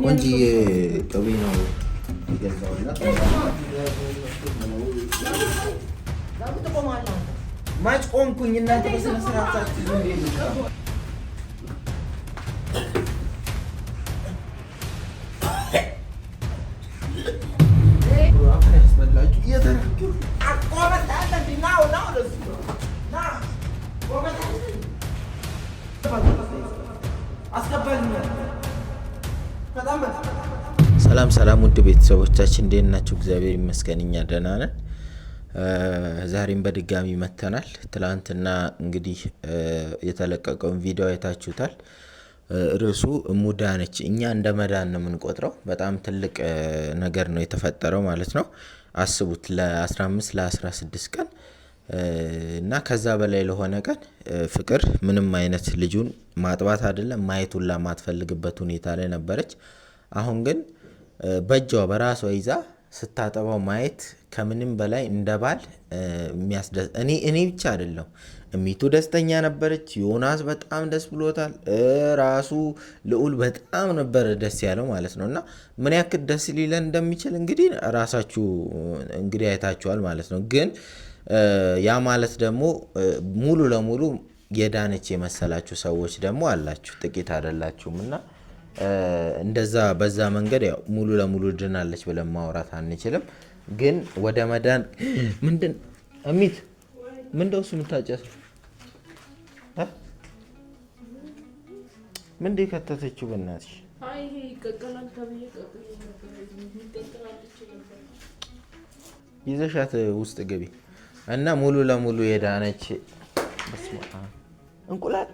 ቆንጂ ቅቤ ነው የገዛሁላት። ማጭ ቆምኩኝ እናንተ በስነ ስርዓት ሰላም ሰላም፣ ውድ ቤተሰቦቻችን እንዴት ናቸው? እግዚአብሔር ይመስገን እኛ ደህና ነን። ዛሬም በድጋሚ መጥተናል። ትላንትና እንግዲህ የተለቀቀውን ቪዲዮ አይታችሁታል። ርዕሱ ሙዳ ነች። እኛ እንደ መዳን ነው የምንቆጥረው። በጣም ትልቅ ነገር ነው የተፈጠረው ማለት ነው። አስቡት ለ15 ለ16 ቀን እና ከዛ በላይ ለሆነ ቀን ፍቅር ምንም አይነት ልጁን ማጥባት አይደለም ማየቱን ለማትፈልግበት ሁኔታ ላይ ነበረች። አሁን ግን በእጇ በራሷ ይዛ ስታጠባው ማየት ከምንም በላይ እንደ ባል የሚያስደስ እኔ ብቻ አይደለም እሚቱ ደስተኛ ነበረች። ዮናስ በጣም ደስ ብሎታል። ራሱ ልዑል በጣም ነበረ ደስ ያለው ማለት ነው። እና ምን ያክል ደስ ሊለን እንደሚችል እንግዲህ ራሳችሁ እንግዲህ አይታችኋል ማለት ነው ግን ያ ማለት ደግሞ ሙሉ ለሙሉ የዳነች የመሰላችሁ ሰዎች ደግሞ አላችሁ፣ ጥቂት አይደላችሁም። እና እንደዛ በዛ መንገድ ያው ሙሉ ለሙሉ ድናለች ብለን ማውራት አንችልም። ግን ወደ መዳን ምንድን እሚት ምንደው እሱ የምታጨሱ ምንድ የከተተችው በእናትሽ ይዘሻት ውስጥ ግቢ። እና ሙሉ ለሙሉ የዳነች እንቁላል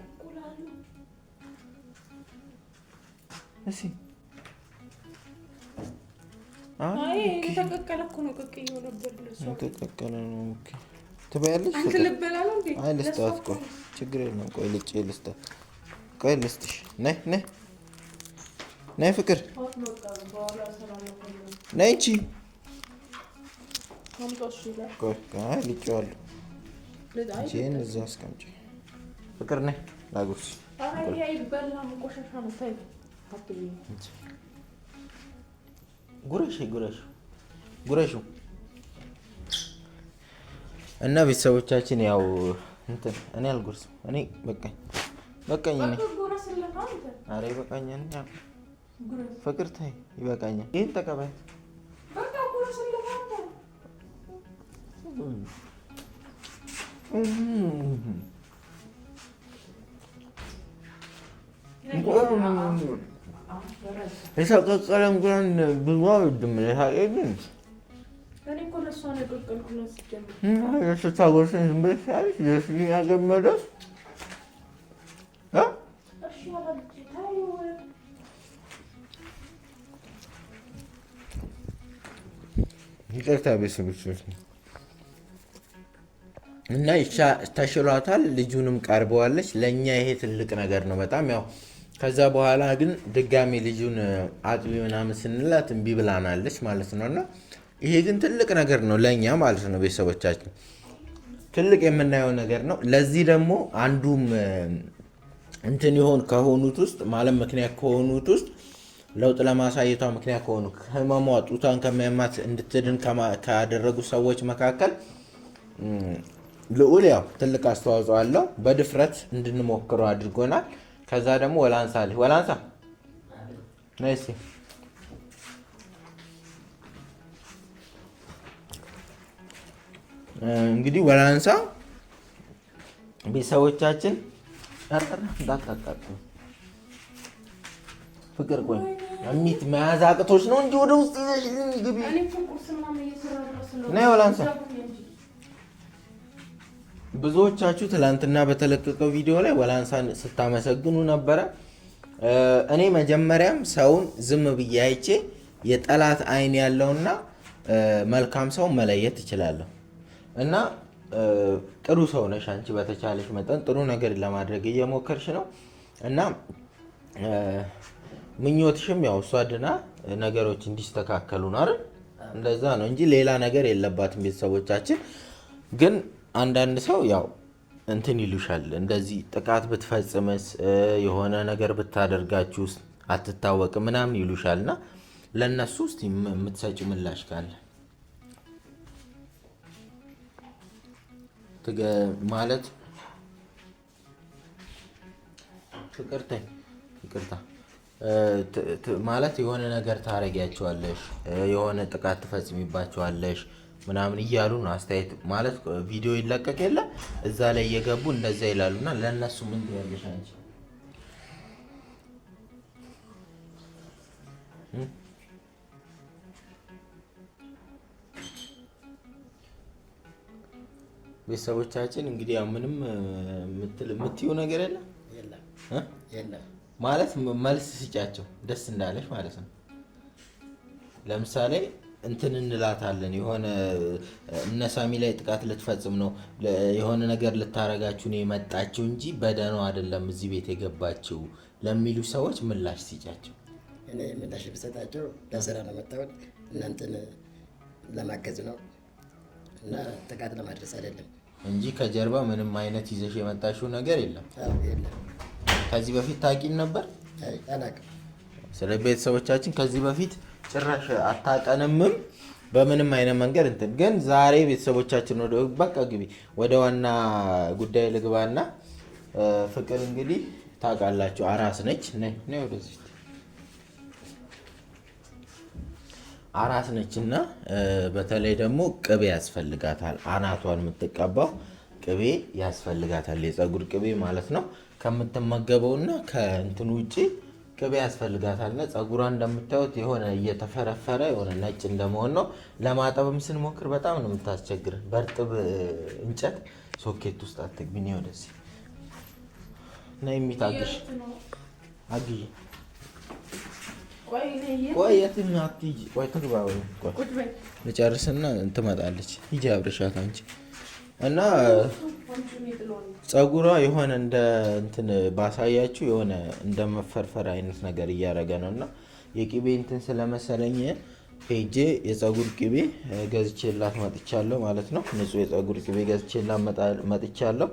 ተቀቀለ ነው ትበያለሽ? ልስጣት። ቆይ ችግር የለም። ቆይ ልስጣት። ቆይ ልስጥሽ። ነይ ነይ ነይ ፍቅር ነይ እንጂ ልጬዋለሁ። ይህን አስቀምጪ። ፍቅር ነህ ላጉርስ ጉረሽ ጉረሽ እና ቤተሰቦቻችን ያው እንትን እኔ አልጎርስም። እኔ በቃኝ በቃኝ፣ እኔ ኧረ ይበቃኛል። ፍቅር ተይ ይበቃኛል። ይህን ተቀበያት የተቀቀለ እንቁላል ብዙ አልወድም። የሳቄ ግን ስታጎርሰኝ ዝም ብለሽ ያለሽ የስኪ አገር መድረስ ይቅርታ ቤተሰቦች ነው። እና ተሽሏታል። ልጁንም ቀርበዋለች። ለእኛ ይሄ ትልቅ ነገር ነው በጣም ያው። ከዛ በኋላ ግን ድጋሚ ልጁን አጥቢ ምናምን ስንላት እምቢ ብላናለች ማለት ነው። እና ይሄ ግን ትልቅ ነገር ነው ለእኛ ማለት ነው። ቤተሰቦቻችን ትልቅ የምናየው ነገር ነው። ለዚህ ደግሞ አንዱም እንትን ይሆን ከሆኑት ውስጥ ማለት ምክንያት ከሆኑት ውስጥ ለውጥ ለማሳየቷ ምክንያት ከሆኑ ህመሟ ጡቷን ከሚያማት እንድትድን ካደረጉ ሰዎች መካከል ልዑል ያው ትልቅ አስተዋጽኦ አለው። በድፍረት እንድንሞክረው አድርጎናል። ከዛ ደግሞ ወላንሳ አለ ወላንሳ ነሲ እንግዲህ ወላንሳ ቤተሰቦቻችን እንዳታጣጡ ፍቅር ቆይ ሚት መያዝ አቅቶች ነው እንጂ ወደ ውስጥ ይዘሽ ግቢ ነይ ወላንሳ ብዙዎቻችሁ ትላንትና በተለቀቀው ቪዲዮ ላይ ወላንሳን ስታመሰግኑ ነበረ። እኔ መጀመሪያም ሰውን ዝም ብዬ አይቼ የጠላት አይን ያለውና መልካም ሰው መለየት እችላለሁ እና ጥሩ ሰው ነሽ አንቺ። በተቻለሽ መጠን ጥሩ ነገር ለማድረግ እየሞከርሽ ነው እና ምኞትሽም ያው እሷ ድና ነገሮች እንዲስተካከሉ ነው አይደል? እንደዛ ነው እንጂ ሌላ ነገር የለባትም። ቤተሰቦቻችን ግን አንዳንድ ሰው ያው እንትን ይሉሻል እንደዚህ ጥቃት ብትፈጽምስ የሆነ ነገር ብታደርጋችሁስ አትታወቅም ምናምን ይሉሻል እና ለእነሱ ውስጥ የምትሰጭ ምላሽ ካለ ማለት ፍቅርተኝ ይቅርታ ማለት የሆነ ነገር ታረጊያቸዋለሽ፣ የሆነ ጥቃት ትፈጽሚባቸዋለሽ ምናምን እያሉ ነው አስተያየት ማለት ቪዲዮ ይለቀቅ የለ እዛ ላይ እየገቡ እንደዛ ይላሉ። እና ለእነሱ ምን ትያለሽ አንቺ? ቤተሰቦቻችን እንግዲህ ያው ምንም የምትዩ ነገር የለም ማለት መልስ ስጫቸው ደስ እንዳለች ማለት ነው። ለምሳሌ እንትን እንላታለን የሆነ እነሳሚ ላይ ጥቃት ልትፈጽም ነው የሆነ ነገር ልታረጋችሁ ነው የመጣችው እንጂ በደኖ አይደለም እዚህ ቤት የገባችው ለሚሉ ሰዎች ምላሽ ሲጫቸው እኔ ምላሽ ብሰጣቸው ለስራ ነው መጣሁት፣ እናንተን ለማገዝ ነው እና ጥቃት ለማድረስ አይደለም እንጂ ከጀርባ ምንም አይነት ይዘሽ የመጣሽው ነገር የለም። ከዚህ በፊት ታውቂን ነበር? አላውቅም። ስለ ቤተሰቦቻችን ከዚህ በፊት ጭራሽ አታጠንምም። በምንም አይነት መንገድ እንትን ግን ዛሬ ቤተሰቦቻችን ወደ በቃ ግቢ ወደ ዋና ጉዳይ ልግባና ፍቅር እንግዲህ ታውቃላችሁ አራስ ነች፣ አራስ ነች እና በተለይ ደግሞ ቅቤ ያስፈልጋታል። አናቷን የምትቀባው ቅቤ ያስፈልጋታል፣ የፀጉር ቅቤ ማለት ነው ከምትመገበውና ከእንትን ውጭ ቅቤ ያስፈልጋታል እና ጸጉሯ እንደምታዩት የሆነ እየተፈረፈረ የሆነ ነጭ እንደመሆን ነው። ለማጠብም ስንሞክር በጣም ነው የምታስቸግር። በእርጥብ እንጨት ሶኬት ውስጥ አትግቢ። እኔ ወደዚህ እና የሚታግሽ አግሽ አግይ ቆይ የትኛው አትሂጂ። ቆይ ትግባ ወይ ቆይ ልጨርስና ትመጣለች። ሂጂ አብረሻት አንቺ እና ጸጉሯ የሆነ እንደ እንትን ባሳያችሁ የሆነ እንደ መፈርፈር አይነት ነገር እያደረገ ነው። እና የቅቤ እንትን ስለመሰለኝ ሄጄ የጸጉር ቅቤ ገዝቼላት መጥቻለሁ ማለት ነው። ንጹህ የጸጉር ቅቤ ገዝቼላት መጥቻለሁ።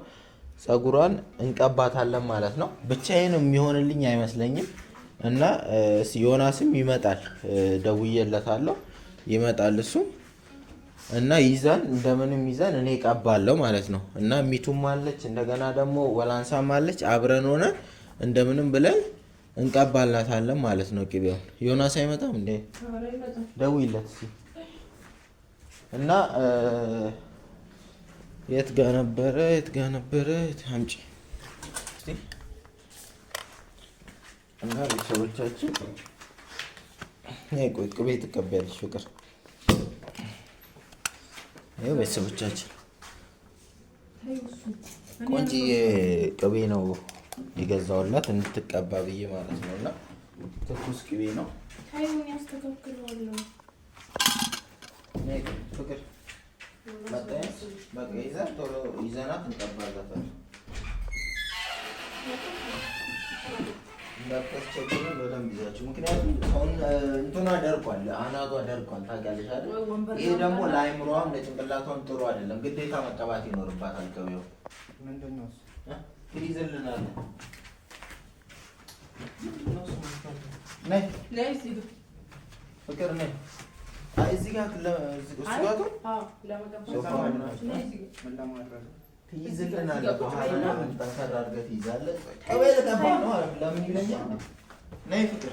ጸጉሯን እንቀባታለን ማለት ነው። ብቻዬን የሚሆንልኝ አይመስለኝም። እና ዮናስም ይመጣል፣ ደውዬለታለሁ። ይመጣል እሱ እና ይዘን እንደምንም ይዘን እኔ ቀባለው ማለት ነው። እና ሚቱም አለች እንደገና ደግሞ ወላንሳም አለች። አብረን ሆነን እንደምንም ብለን እንቀባላታለን ማለት ነው። ቅቤውን ዮናስ አይመጣም እንዴ? ደውይለት እና የት ጋ ነበረ? የት ጋ ነበረ? አምጪ እና ቤተሰቦቻችን ቆይ ቅቤ ፍቅር ይኸው ቤተሰቦቻችን ቆንጅዬ ቅቤ ነው የገዛውላት እንድትቀባ ብዬ ማለት ነው። እና ትኩስ ቅቤ ነው። ይዘናት እንቀባላታለን። እንዳታስቸግረን በደንብ ይዛችሁ ምክንያቱም ሰውን ደርቋል፣ አናቷ ደርቋል። ታውቂያለሽ አይደል? ይሄ ደግሞ ለአይምሮዋም ለጭንቅላቷም ጥሩ አይደለም። ግዴታ መቀባት ይኖርባታል። ገበያው ምንድን ነው ፍቅር እዚህ ጋር ትይዝልናለህ። ለምን ይለኛል? ነይ ፍቅር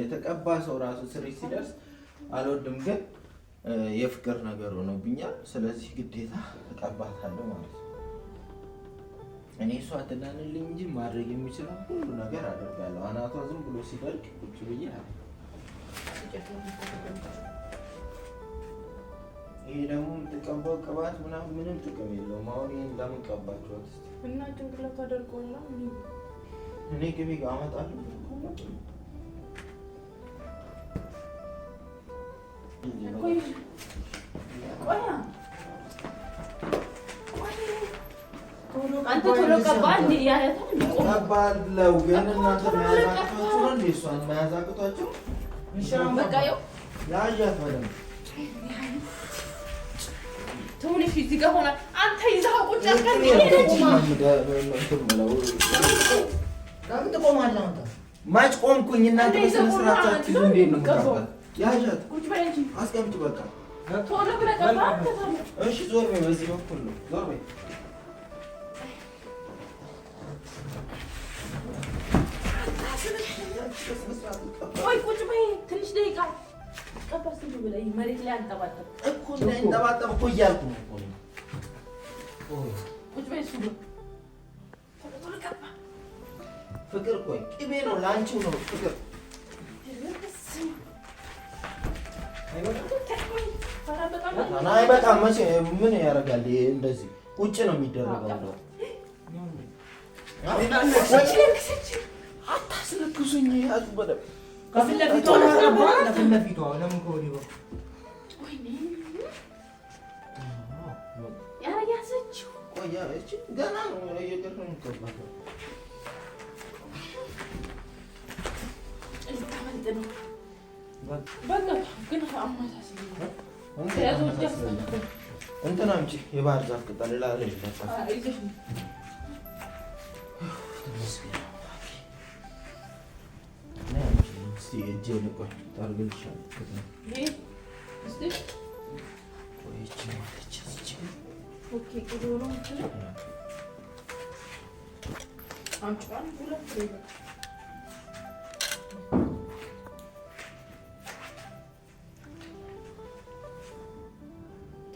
የተቀባ ሰው ራሱ ስሪ ሲደርስ አልወድም፣ ግን የፍቅር ነገር ሆኖብኛል። ስለዚህ ግዴታ እቀባታለሁ ማለት ነው። እኔ እሷ ትዳንልኝ እንጂ ማድረግ የሚችለው ሁሉ ነገር አደርጋለሁ። አናቷ ዝም ብሎ ሲደርቅ ቁጭ ብዬ አለ። ይህ ደግሞ የምትቀባው ቅባት ምናምን ምንም ጥቅም የለውም። አሁን ይህን ለምን ቀባችኋት? እና ጭንቅላት አደርገውና እኔ አመጣለሁ ባለው ግን እናንተ መያዝ ነው እንዴ? እሷን መያዝ ያያት በደምብ ትንሽ እዚህ ጋር ሆና አንተ ይዘህ ቁጭ አድርገህ ትቆማለህ አንተ ማጭ ቆምኩኝ እናንተ በስነ ያዣት ቁጭ በል እንጂ አስቀምጥ። በቃ ቶሎ ብለህ ጠባ። እሺ ዞር በይ፣ በዚህ በኩል ነው። ዞር በይ። ቆይ ቁጭ በይ ትንሽ ደቂቃ። ቀባ ስሉ ብለህ መሬት ላይ አንጠባጠብ እኮ እንዳይንጠባጠብ እኮ እያልኩ ነው። ቁጭ በይ እሱ ቶሎ ቶሎ ቀባ ፍቅር ቆይ ቅቤ ነው ለአንቺው ነው ፍቅር አይበቃም መቼ ምን ያደርጋል እንደዚህ ቁጭ ነው የሚደረገው እንደው አታስለክሱኝ ያዙ በደምብ ከፊት ለፊቷ ከፊት ለፊቷ ለምን ከወዲህ ገና ነው dedim. ግን እንትን አምጪ የባህር ዛፍ ቅጠል ላለ ይባል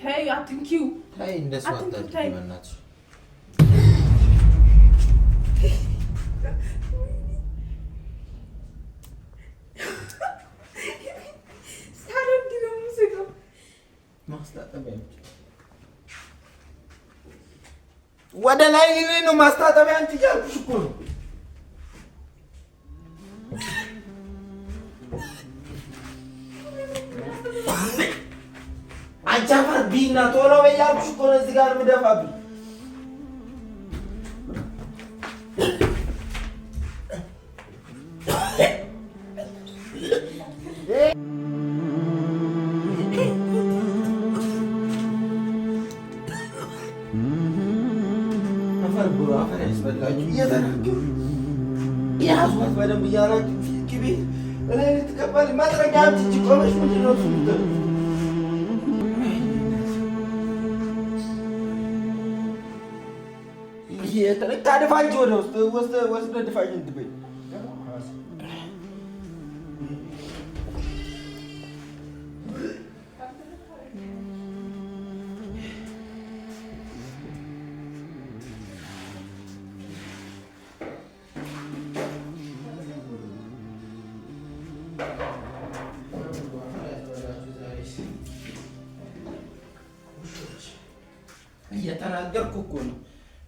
ተይ አትንኪው፣ ተይ እንደሱ አታድርጊ በእናትሽ። ወደ ላይ ነው ማስታጠቢያ አንቺ እያልኩሽ እኮ ነው እዚህ ጋር የምደፋብኝ በደንብ እያራችሁ ቅቤ እላይ ልትቀባል ማጥረጊያ አትች ቆመች ምንድነው? አንቺ ወደ ውስጥ ወስደ ድፋሽ እንትበይ እየተናገርኩ እኮ ነው።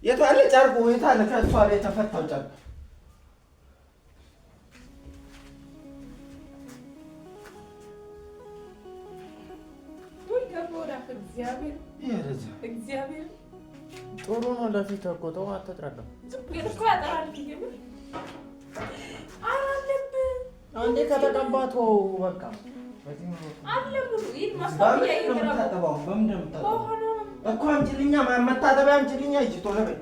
የት አለ ጨርቁ? የት አለ ከእሷ ላይ የተፈታው ጨርቁ? ጥሩ ነው። ለፊት እኮ ተው፣ አትጥረለው። አንዴ ከተቀባቶ በቃ እኮ አምጪልኛ፣ መታጠቢያ አምጪልኛ። እጅ ቶሎ በይ።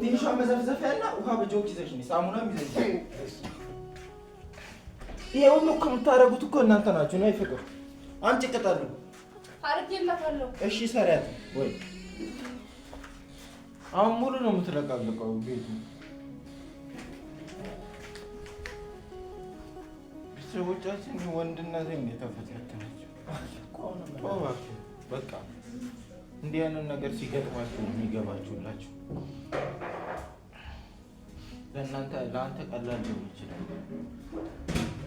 ትንሿ መዘፍዘፊያ እና ውሃ በጆክ ይዘሽ ነይ፣ ሳሙናም ይዘሽ ነይ። ይሄ ሁሉ እኮ የምታደርጉት እኮ እናንተ ናችሁ። ነው ፍቅር፣ አምጪ ቅጠሉ። እሺ ሰሪያት ወይ አሁን ሙሉ ነው የምትለቃለቀው ቤቱ። ቤተሰቦቻችን ወንድና ዜም የተፈተናቸው በቃ እንዲህ ያንን ነገር ሲገጥማችሁ የሚገባችሁላችሁ ለእናንተ ለአንተ ቀላል ሊሆን ይችላል።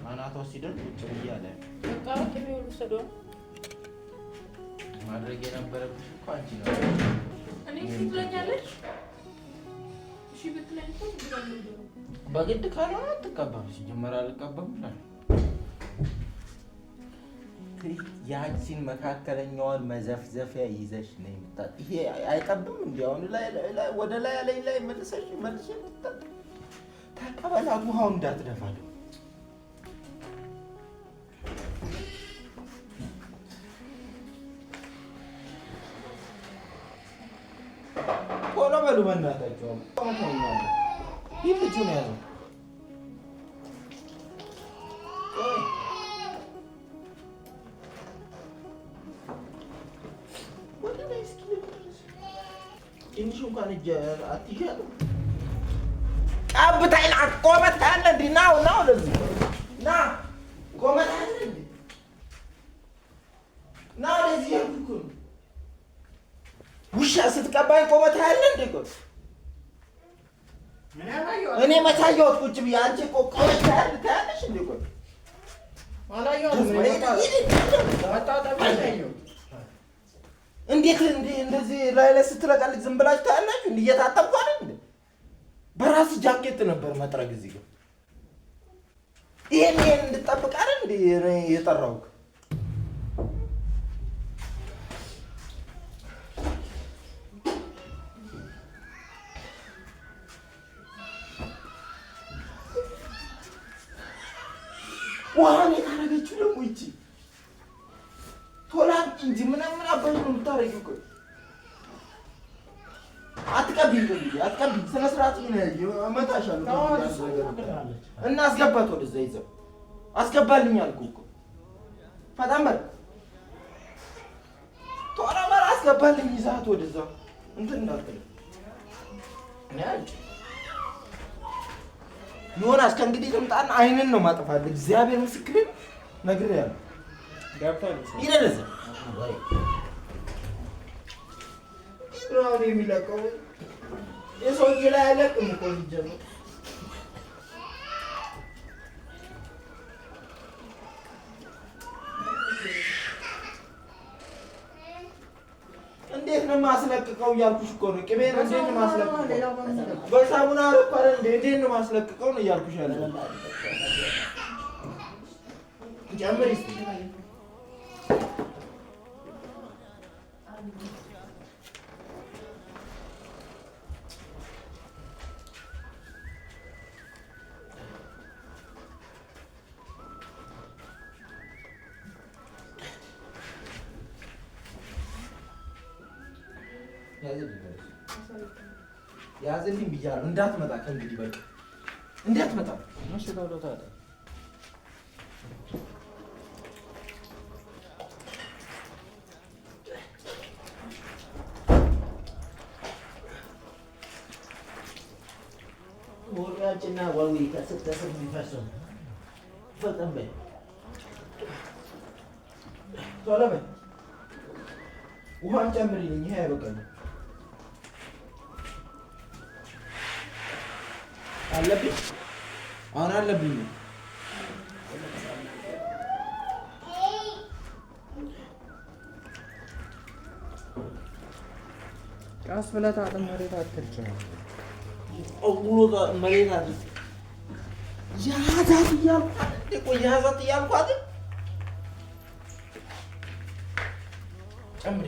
አናቷ ሲደርስ ቁጭ ብዬ አለ ማድረግ የነበረብሽ እኮ አንቺ ነው። በግድ ካልሆነ አትቀባም። ሲጀመር አልቀባም እላለሁ እንግዲህ ያቺን መካከለኛዋን መዘፍዘፊያ ይዘሽ ነው የምጣጥ። ይሄ አይቀብም። እንዲያውኑ ወደ ላይ ላይ ላይ መልሰሽ መልሽ ምጣጥ። ተቀበላ ውሃው እንዳትደፋል። ቶሎ በሉ በእናታቸው ይህ ልጁ ነው ያዘው እንኳን እጅ አትይዣት። ቀብታይን ቆመት ያለ እንዲ ናው ናው ለዚህ ና ቆመት ያለ እንዲ ና ለዚህ ያልኩ ውሻ ስትቀባኝ ቆመት ያለ እንዲ እኮ እኔ መታየሁት ቁጭ ብዬ አንቺ እኮ ቆመት ያለ ታያለሽ እንዲ እኮ አላየሁትም። እንዴት እንዴ እንደዚህ ላይ ላይ ስትለቀልቅ ዝም ብላችሁ ታያላችሁ? እየታጠብኩ አይደል? በራስ ጃኬት ነበር መጥረግ እዚህ ጋር ይሄን ይሄን እንድጠብቅ አይደል እንዴ የጠራሁት? ውሃ ቶላ እንጂ ምናምን አባሽ ነው የምታረጊው እኮ አትቀብኝ አትቀብኝ። ስነ ስርዓት እመታሻለሁ እና አስገባት ወደዛ ይዘው አስገባልኝ አልኩህ እኮ ፈጣመር ቶላ በል አስገባልኝ ይዘሀት ወደዛ እንትን እንዳትል ዮናስ ከእንግዲህ ልምጣና አይንን ነው ማጥፋት እግዚአብሔር ምስክሬን ነግሬሀለሁ İneriz. Şunu alayım bir dakika. En son gelen ahlak mı koyacağım? እንዴት ነው ማስለቅቀው እያልኩሽ እኮ ነው። ቅቤ ነው እንዴት ነው ማስለቅቀው? በሳሙና ረኳረ እንዴት ነው ማስለቅቀው ነው እያልኩሽ ያለ ጨምሪ ብያለሁ። እንዳትመጣ ከእንግዲህ በቃ እንዳትመጣ። እሺ ተብሎ ታዲያ ወርቃችንና ዋዊ ከስር ከስር ፈጠን በይ ቶሎ በይ ውሃን ጨምሪልኝ። ይሄ አይበቃኝም። አለብኝ። አሁን አለብኝ። ቀስ ብለህ ታጥብ። መሬት አትርጭ። መሬት ያዛት እያልኩ ያዛት እያልኳት ጨምሪ